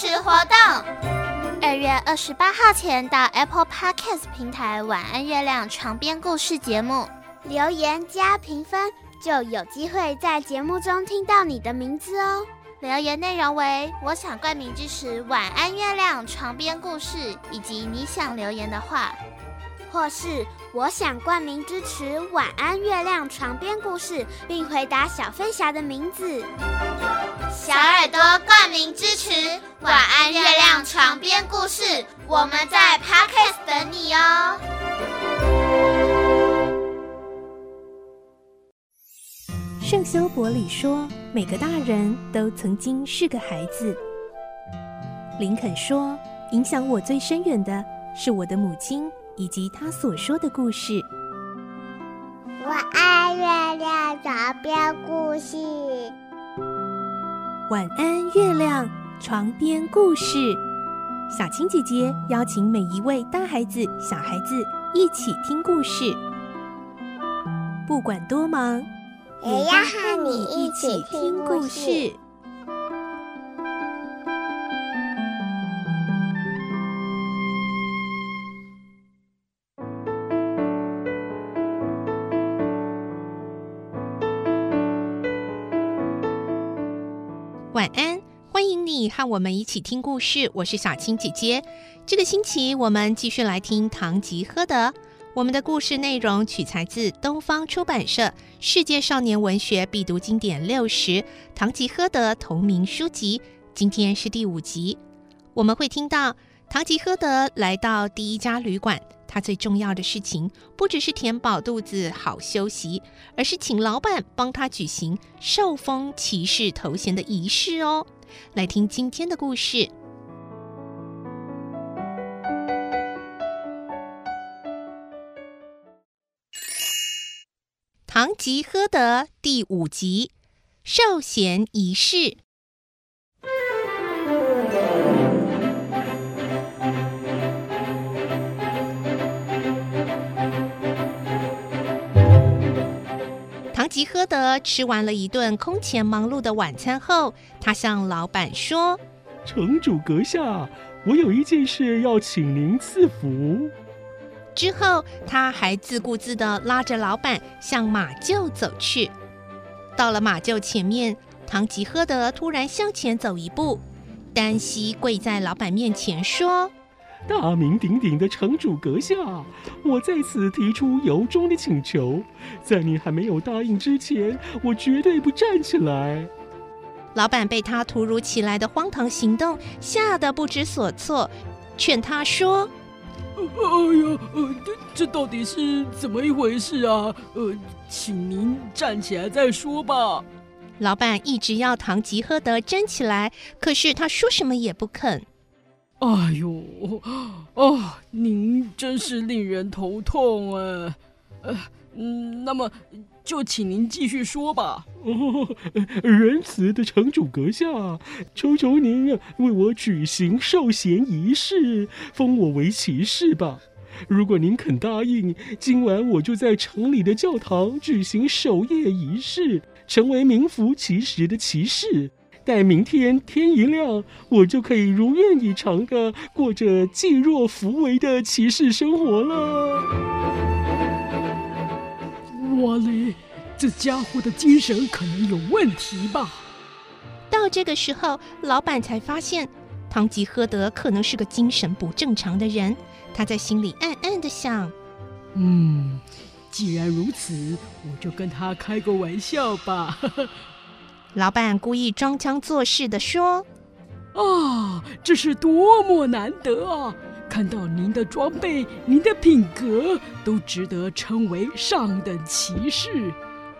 此活動，二月二十八號前到 Apple Podcast 平台“晚安月亮床邊故事”節目留言加評分，就有機會在節目中聽到你的名字哦。留言內容為“我想冠名支持晚安月亮床邊故事”，以及你想留言的話，或是“我想冠名支持晚安月亮床邊故事”，並回答小飛俠的名字。小耳朵冠名支持，晚安月亮床邊故事，我們在 Parkes 等你哦。聖修伯里說：“每個大人都曾經是個孩子。”林肯說：“影響我最深遠的是我的母親以及她所說的故事。”我愛月亮床邊故事。晚安，月亮，床邊故事。小青姐姐邀請每一位大孩子、小孩子一起聽故事，不管多忙，也要和你一起聽故事。晚安，歡迎你和我們一起聽故事。我是小青姐姐。這個星期我們繼續來聽《唐吉訶德》。我們的故事內容取材自東方出版社《世界少年文學必讀經典六十》、《唐吉訶德》同名書籍。今天是第五集，我們會聽到唐吉訶德來到第一家旅館。他最重要的事情，不只是填飽肚子、好休息，而是請老板幫他舉行授封騎士頭銜的儀式哦。來聽今天的故事，《唐吉訶德》第五集：授銜儀式。唐吉訶德吃完了一頓空前忙碌的晚餐後，他向老闆說：“城主閣下，我有一件事要請您賜福。”之後，他還自顧自的拉着老闆向馬廄走去。到了馬廄前面，唐吉訶德突然向前走一步，單膝跪在老闆面前說。大名鼎鼎的城主閣下，我在此提出由衷的請求，在你還沒有答應之前，我絕對不站起來。老板被他突如其來的荒唐行動嚇得不知所措，勸他說：“哎呀，這、呃呃、這到底是怎麼一回事啊？呃，請您站起來再說吧。”老板一直要唐吉訶德站起來，可是他說什麼也不肯。哎呦，哦，您真是令人頭痛啊。呃，那麼就請您繼續說吧。哦，仁慈的城主閣下，求求您為我舉行授銜儀式，封我為騎士吧。如果您肯答應，今晚我就在城裡的教堂舉行守夜儀式，成為名副其實的騎士。在明天天一亮，我就可以如願以償的過着靜若扶為的騎士生活了。我勒，這家伙的精神可能有問題吧？到這個時候，老闆才發現湯吉·赫德，可能是個精神不正常的人。他在心裡暗暗的想：“嗯，既然如此，我就跟他開個玩笑吧。 ”老闆故意裝腔作勢的說：“啊，這是多麼難得啊！看到您的裝備，您的品格，都值得稱為上等騎士。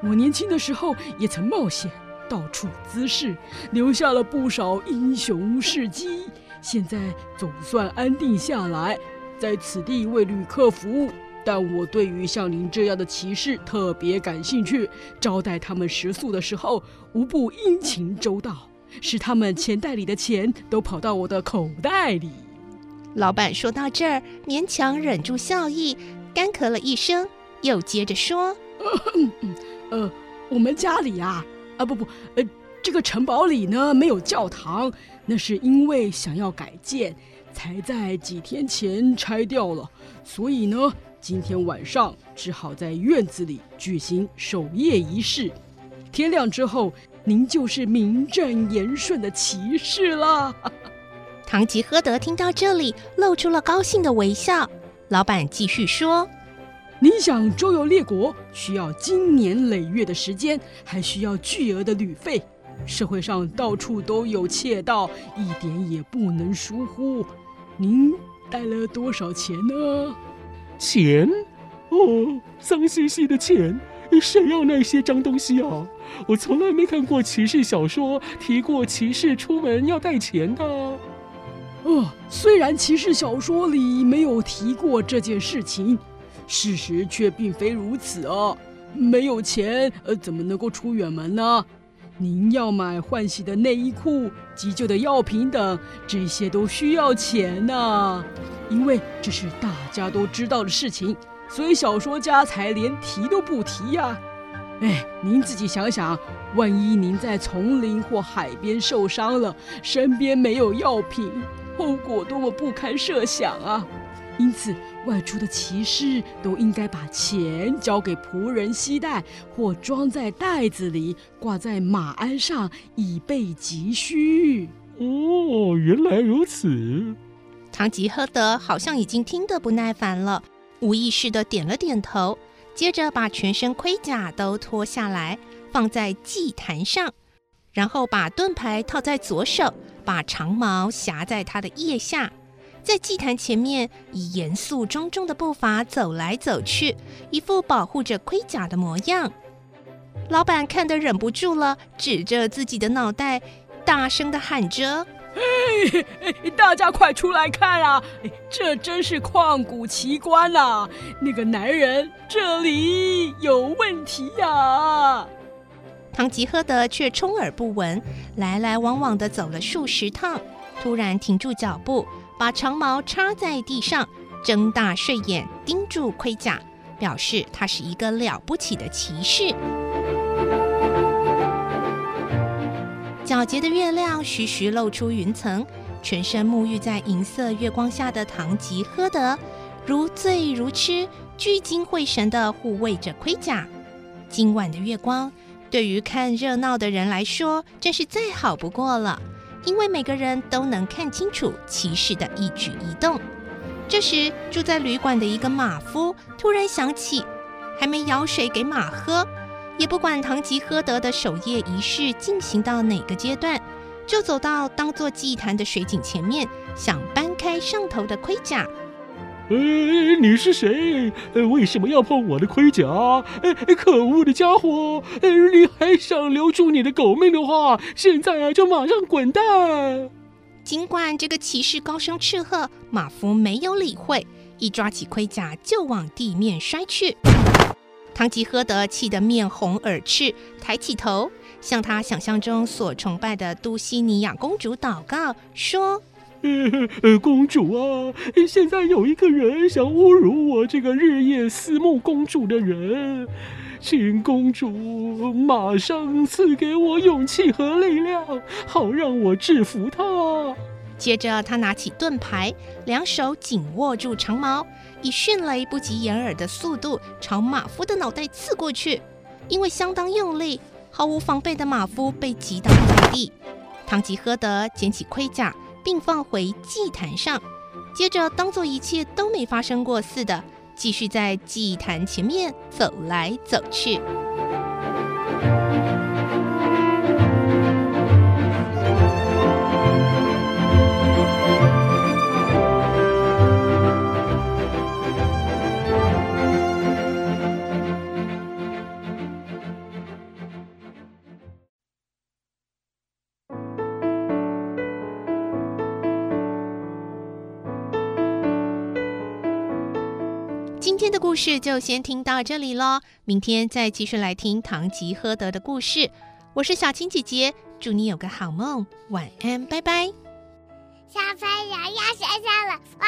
我年輕的時候也曾冒險，到處滋事，留下了不少英雄事跡。現在總算安定下來，在此地為旅客服務。”但我對於像您這樣的騎士特別感興趣，招待他們食宿的時候，無不殷勤周到，使他們錢袋裡的錢都跑到我的口袋裡。老闆說到這兒，勉強忍住笑意，乾咳了一聲，又接着說：“ 呃，我們家裡啊，啊不不，呃，這個城堡裡呢，沒有教堂，那是因為想要改建，才在幾天前拆掉了，所以呢。”今天晚上只好在院子裡舉行守夜儀式。天亮之後，您就是名正言順的騎士了。唐吉訶德聽到這裡，露出了高興的微笑。老板繼續說：“您想周遊列國，需要經年累月的時間，還需要巨額的旅費。社會上到處都有竊盜，一點也不能疏忽。您帶了多少錢呢？”錢，哦，髒兮兮的錢，誰要那些髒東西啊？我從來沒看過騎士小說提過騎士出門要帶錢的。呃、哦，雖然騎士小說裡沒有提過這件事情，事實卻並非如此啊、哦。沒有錢，呃，怎麼能夠出遠門呢？您要買換洗的內衣褲、急救的藥品等，這些都需要錢呢、啊。因為這是大家都知道的事情，所以小說家才連提都不提呀。哎，您自己想想，萬一您在叢林或海邊受傷了，身邊沒有藥品，後果多麼不堪設想啊！因此，外出的騎士都應該把錢交給僕人攜帶，或裝在袋子裡掛在馬鞍上，以備急需。哦，原來如此。唐吉訶德好像已經聽得不耐煩了，無意識地點了點頭，接着把全身盔甲都脫下來放在祭壇上，然後把盾牌套在左手，把長矛夾在他的腋下，在祭壇前面以嚴肅莊重的步伐走來走去，一副保護着盔甲的模樣。老板看得忍不住了，指着自己的腦袋，大聲地喊着。哎，大家快出來看啊！這真是曠古奇觀啊！那個男人，這裡有問題呀、啊！唐吉訶德卻充耳不聞，來來往往地走了數十趟，突然停住腳步，把長矛插在地上，睜大睡眼盯住盔甲，表示他是一個了不起的騎士。潔的月亮徐徐露出雲層，全身沐浴在銀色月光下的唐吉訶德如醉如痴，聚精會神地護衛着盔甲。今晚的月光對於看熱鬧的人來說真是再好不過了，因為每個人都能看清楚騎士的一舉一動。這時，住在旅館的一個馬夫突然想起，還沒舀水給馬喝。也不管唐吉訶德的守夜儀式進行到哪個階段，就走到當做祭壇的水井前面，想搬開上頭的盔甲。呃，你是誰？呃，為什麼要碰我的盔甲？呃，可惡的傢伙！呃，你還想留住你的狗命的話，現在啊就馬上滾蛋！儘管這個騎士高聲斥喝，馬夫沒有理會，一抓起盔甲就往地面摔去。唐吉訶德氣得面紅耳赤，抬起頭，向他想象中所崇拜的都西尼亞公主禱告說：“呃呃，公主啊，現在有一個人想侮辱我這個日夜思慕公主的人，請公主馬上賜給我勇氣和力量，好讓我制服他。”接着，他拿起盾牌，兩手緊握住長矛，以迅雷不及掩耳的速度朝馬夫的腦袋刺過去。因為相當用力，毫無防備的馬夫被擊倒在地。唐吉訶德撿起盔甲，並放回祭壇上，接着當做一切都沒發生過似的，繼續在祭壇前面走來走去。今天的故事就先聽到這裡嘍，明天再繼續來聽《唐吉訶德》的故事。我是小青姐姐，祝你有個好夢，晚安，拜拜。小朋友要睡覺了。